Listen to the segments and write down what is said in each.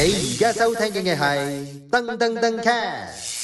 你而家收聽嘅係噔噔噔 cast。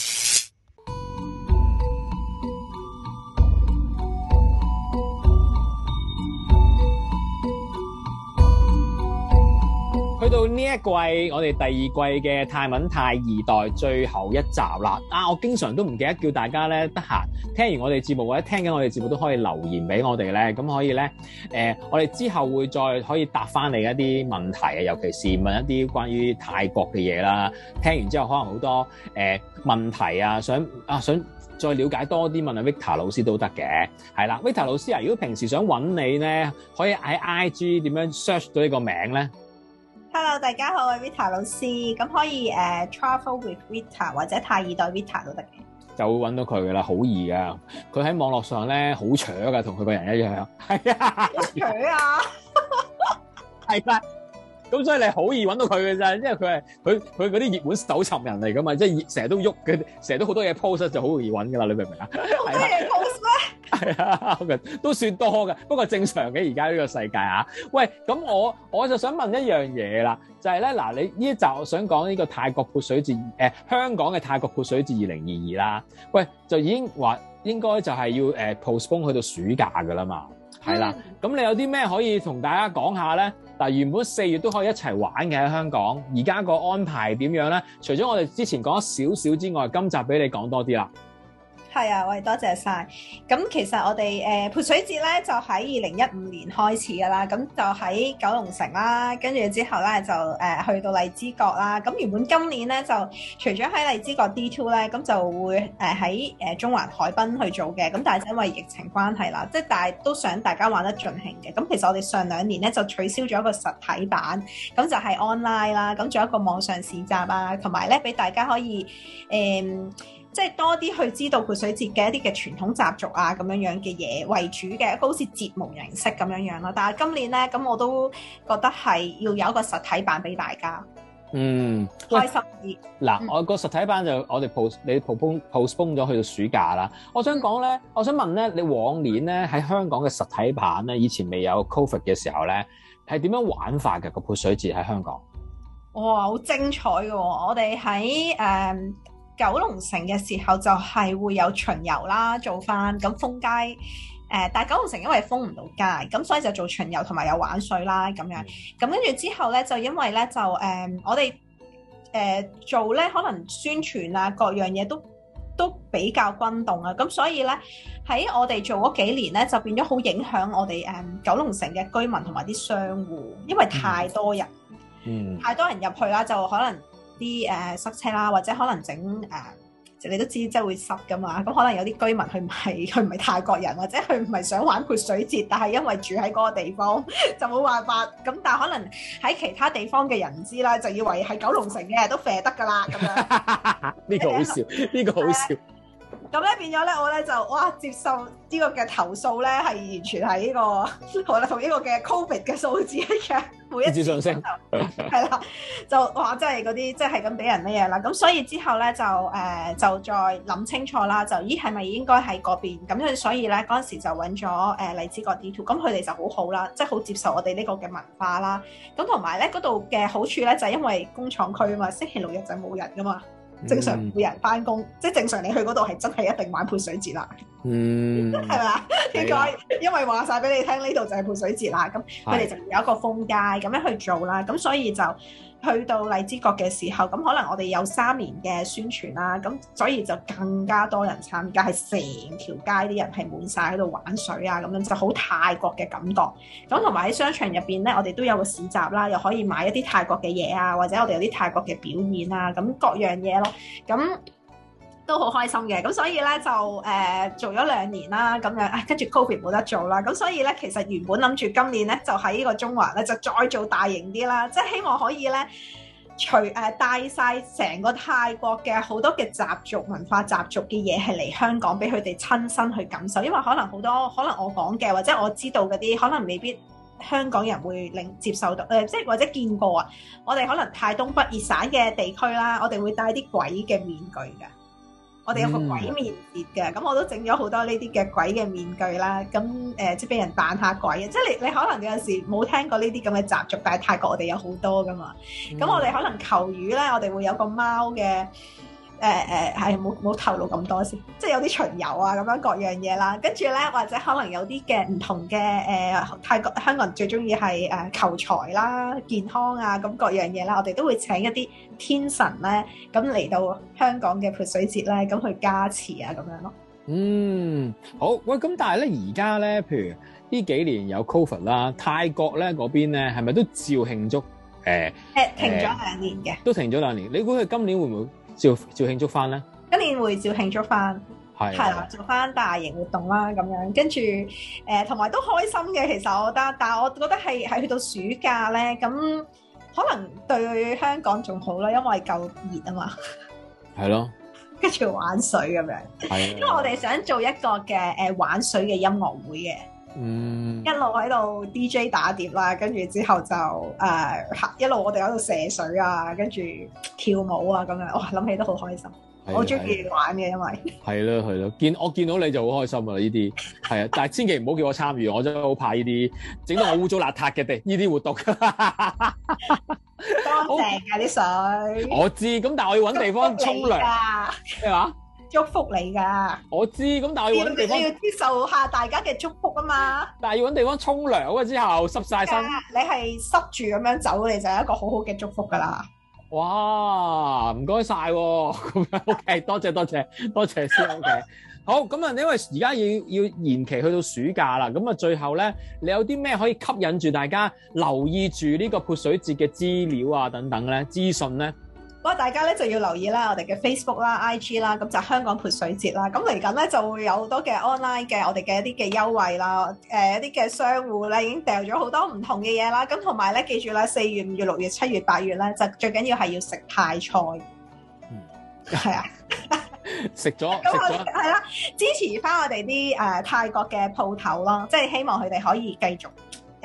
去到呢一季，我哋第二季嘅泰文泰二代最後一集啦。啊，我經常都唔記得叫大家咧，得閒聽完我哋節目或者聽緊我哋節目都可以留言俾我哋咧。咁可以咧，誒、呃，我哋之後會再可以答翻你一啲問題啊，尤其是問一啲關於泰國嘅嘢啦。聽完之後，可能好多誒、呃、問題啊，想啊，想再了解多啲，問阿 Victor 老師都得嘅。係啦，Victor 老師啊，如果平時想揾你咧，可以喺 I G 點樣 search 到呢個名咧？Hello，大家好，我係 Vita 老師，咁可以誒，uh，travel with Vita 或者太二代 Vita 都得嘅，就會揾到佢噶啦，好易噶，佢喺網絡上咧好搶噶，同佢個人一樣，係 啊，好搶 啊，係啦，咁所以你好易揾到佢嘅啫，因為佢係佢佢嗰啲熱門搜尋人嚟噶嘛，即係成日都喐嘅，成日都好多嘢 post，就好容易揾噶啦，你明唔明啊？ 的 係啊， 都算多嘅，不過正常嘅而家呢個世界啊。喂，咁我我就想問一樣嘢啦，就係、是、咧，嗱，你呢集我想講呢個泰國潑水節，誒、呃、香港嘅泰國潑水節二零二二啦。喂，就已經話應該就係要誒 postpone 去到暑假嘅啦嘛，係啦。咁你有啲咩可以同大家講下咧？嗱，原本四月都可以一齊玩嘅喺香港，而家個安排點樣咧？除咗我哋之前講少少之外，今集俾你講多啲啦。係啊，我哋多謝晒。咁其實我哋誒潑水節咧，就喺二零一五年開始噶啦。咁就喺九龍城啦，跟住之後咧就誒去到荔枝角啦。咁原本今年咧就除咗喺荔枝角 D Two 咧，咁就會誒喺誒中環海濱去做嘅。咁但係因為疫情關係啦，即係但係都想大家玩得盡興嘅。咁其實我哋上兩年咧就取消咗一個實體版，咁就係 online 啦。咁做一個網上市集啊，同埋咧俾大家可以誒。嗯即係多啲去知道潑水節嘅一啲嘅傳統習俗啊咁樣樣嘅嘢為主嘅，好似節目形式咁樣樣咯。但係今年咧，咁、嗯、我都覺得係要有一個實體版俾大家，嗯，開心啲。嗱、啊，我個實體版就我哋你 postpone 咗去到暑假啦。我想講咧，我想問咧，你往年咧喺香港嘅實體版咧，以前未有 COVID 嘅時候咧，係點樣玩法嘅個潑水節喺香港？哇、哦，好精彩嘅、哦！我哋喺誒。嗯九龍城嘅時候就係會有巡遊啦，做翻咁封街誒、呃，但係九龍城因為封唔到街，咁所以就做巡遊同埋有玩水啦咁樣。咁跟住之後咧，就因為咧就誒、呃、我哋誒、呃、做咧可能宣傳啊各樣嘢都都比較轟動啊，咁所以咧喺我哋做嗰幾年咧就變咗好影響我哋誒、呃、九龍城嘅居民同埋啲商戶，因為太多人，嗯，嗯太多人入去啦，就可能。啲誒、呃、塞車啦，或者可能整誒、呃，你都知，即係會塞噶嘛。咁可能有啲居民佢唔係佢唔係泰國人，或者佢唔係想玩潑水節，但係因為住喺嗰個地方 就冇辦法。咁但係可能喺其他地方嘅人知啦，就以為係九龍城嘅都射得㗎啦。咁樣呢 個好笑，呢、嗯、個好笑。呃咁咧變咗咧，我咧就哇接受呢個嘅投訴咧，係完全喺呢、呢個同啦，同呢個嘅 Covid 嘅數字一樣每一日上升，係啦信， 就哇真係嗰啲，即係咁俾人乜嘢啦。咁所以之後咧就誒、呃、就再諗清楚啦。就咦係咪應該喺嗰邊？咁所以所以咧嗰陣時就揾咗誒荔枝角 D2，咁佢哋就好好啦，即係好接受我哋呢個嘅文化啦。咁同埋咧嗰度嘅好處咧，就係、因為工廠區啊嘛，星期六日就冇人噶嘛。正常每人翻工，嗯、即係正常你去嗰度係真係一定玩潑水節啦。嗯，係咪？應該，因為話晒俾你聽，呢度 就係潑水節啦。咁佢哋就有一個封街咁是樣去做啦。咁所以就去到荔枝角嘅時候，咁可能我哋有三年嘅宣傳啦。咁所以就更加多人參加，係成條街啲人係滿晒喺度玩水啊，咁樣就好泰國嘅感覺。咁同埋喺商場入邊咧，我哋都有個市集啦，又可以買一啲泰國嘅嘢啊，或者我哋有啲泰國嘅表演啊，咁各樣嘢咯。咁都好開心嘅，咁所以咧就誒、呃、做咗兩年啦，咁樣跟住、啊、Covid 冇得做啦，咁所以咧其實原本諗住今年咧就喺呢個中環咧就再做大型啲啦，即係希望可以咧，除誒、呃、帶晒成個泰國嘅好多嘅習俗文化、習俗嘅嘢係嚟香港俾佢哋親身去感受，因為可能好多可能我講嘅或者我知道嗰啲，可能未必香港人會領接受到，誒、呃、即係或者見過啊，我哋可能泰東北熱省嘅地區啦，我哋會帶啲鬼嘅面具㗎。我哋有個鬼面節嘅，咁我都整咗好多呢啲嘅鬼嘅面具啦。咁誒、呃，即係俾人扮下鬼嘅，即係你你可能有陣時冇聽過呢啲咁嘅習俗，但係泰國我哋有好多㗎嘛。咁我哋可能求雨咧，我哋會有個貓嘅。誒誒，係冇冇透露咁多先，即係有啲巡遊啊，咁樣各樣嘢啦。跟住咧，或者可能有啲嘅唔同嘅誒，泰國香港人最中意係誒求財啦、健康啊，咁各樣嘢啦。我哋都會請一啲天神咧，咁嚟到香港嘅潑水節咧，咁去加持啊，咁樣咯。嗯，好喂，咁但係咧，而家咧，譬如呢幾年有 Covid 啦，泰國咧嗰邊咧，係咪都照慶祝？誒、呃、誒，停咗兩年嘅，都停咗兩年。你估佢今年會唔會？照照慶祝翻咧，今年會照慶祝翻，係啦的，的做翻大型活動啦咁樣，跟住誒，同、呃、埋都開心嘅。其實我覺得，但係我覺得係係去到暑假咧，咁可能對香港仲好啦，因為夠熱啊嘛，係咯的， 跟住玩水咁樣，的因為我哋想做一個嘅誒、呃、玩水嘅音樂會嘅。嗯，一路喺度 DJ 打碟啦，跟住之後就誒、呃，一路我哋喺度射水啊，跟住跳舞啊，咁樣我諗起都好開心，啊、我中意玩嘅，因為係咯係咯，見、啊啊啊、我見到你就好開心啊！呢啲係啊， 但係千祈唔好叫我參與，我真係好怕呢啲整到我污糟邋遢嘅地，呢啲活動乾淨啊啲好水，我知，咁但係我要搵地方沖涼啊，咩話？祝福你噶，我知。咁但係要搵地方，你要接受下大家嘅祝福啊嘛。但係要搵地方沖涼啊，之後濕晒身。啊，你係濕住咁樣走，你就一個好好嘅祝福噶啦。哇，唔該曬，咁樣 OK，多謝 多謝多謝，多謝先 ，OK！好，咁啊，因為而家要要延期去到暑假啦。咁啊，最後咧，你有啲咩可以吸引住大家留意住呢個潑水節嘅資料啊等等咧資訊咧？不過，大家咧就要留意啦，我哋嘅 Facebook 啦、IG 啦，咁就香港潑水節啦。咁嚟緊咧就會有好多嘅 online 嘅我哋嘅一啲嘅優惠啦，誒、呃、一啲嘅商戶咧已經掉咗好多唔同嘅嘢啦。咁同埋咧記住啦，四月、五月、六月、七月、八月咧就最緊要係要食泰菜。嗯，係啊，食咗， 咁 我係啦，支持翻我哋啲誒泰國嘅鋪頭咯，即係希望佢哋可以繼續。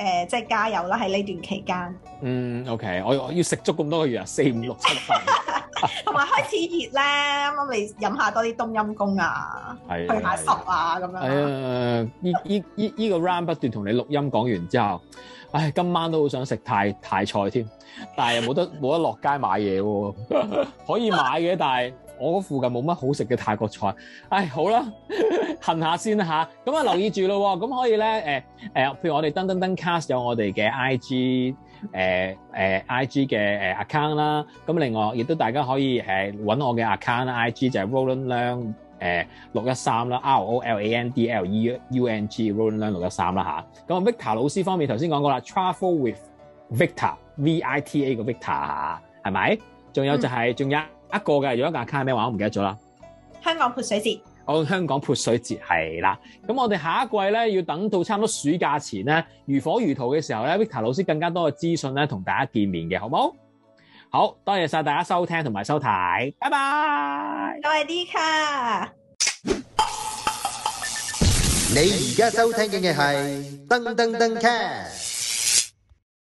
誒，即係、呃就是、加油啦！喺呢段期間，嗯，OK，我，我要食足咁多個月、啊，四五六七分，同埋開始熱咧，我咪飲下多啲冬陰功啊， 去下濕啊咁樣。係啊，呢呢呢呢個 round 不斷同你錄音講完之後，唉，今晚都好想食泰泰菜添，但係又冇得冇 得落街買嘢喎、啊， 可以買嘅，但係。我嗰附近冇乜好食嘅泰國菜，唉，好啦，行 下先啦。吓，咁啊，留意住咯，咁可以咧，誒、呃、誒、呃，譬如我哋登登登 cast 有我哋嘅 IG，誒、呃、誒、呃、IG 嘅誒 account 啦。咁、啊、另外，亦都大家可以誒揾、呃、我嘅 account 啦。IG 就係 Rolandleung、呃613，啊、Rolandleung 誒六一三啦，R O L A N D L E U N G Rolandleung 六一三啦吓，咁 Victor 老師方面，頭先講過啦，Travel with Victor V I T A 嘅 Victor 嚇、啊，係咪？仲有就係、是、仲、嗯、有。一個嘅，有一架卡 a 咩話，我唔記得咗啦。香港潑水節，哦，oh, 香港潑水節係啦。咁我哋下一季咧，要等到差唔多暑假前咧，如火如荼嘅時候咧，Vicky 老師更加多嘅資訊咧，同大家見面嘅，好唔好？好，多謝晒大家收聽同埋收睇，拜拜，多謝 D 登登登卡。你而家收聽緊嘅係噔噔噔卡。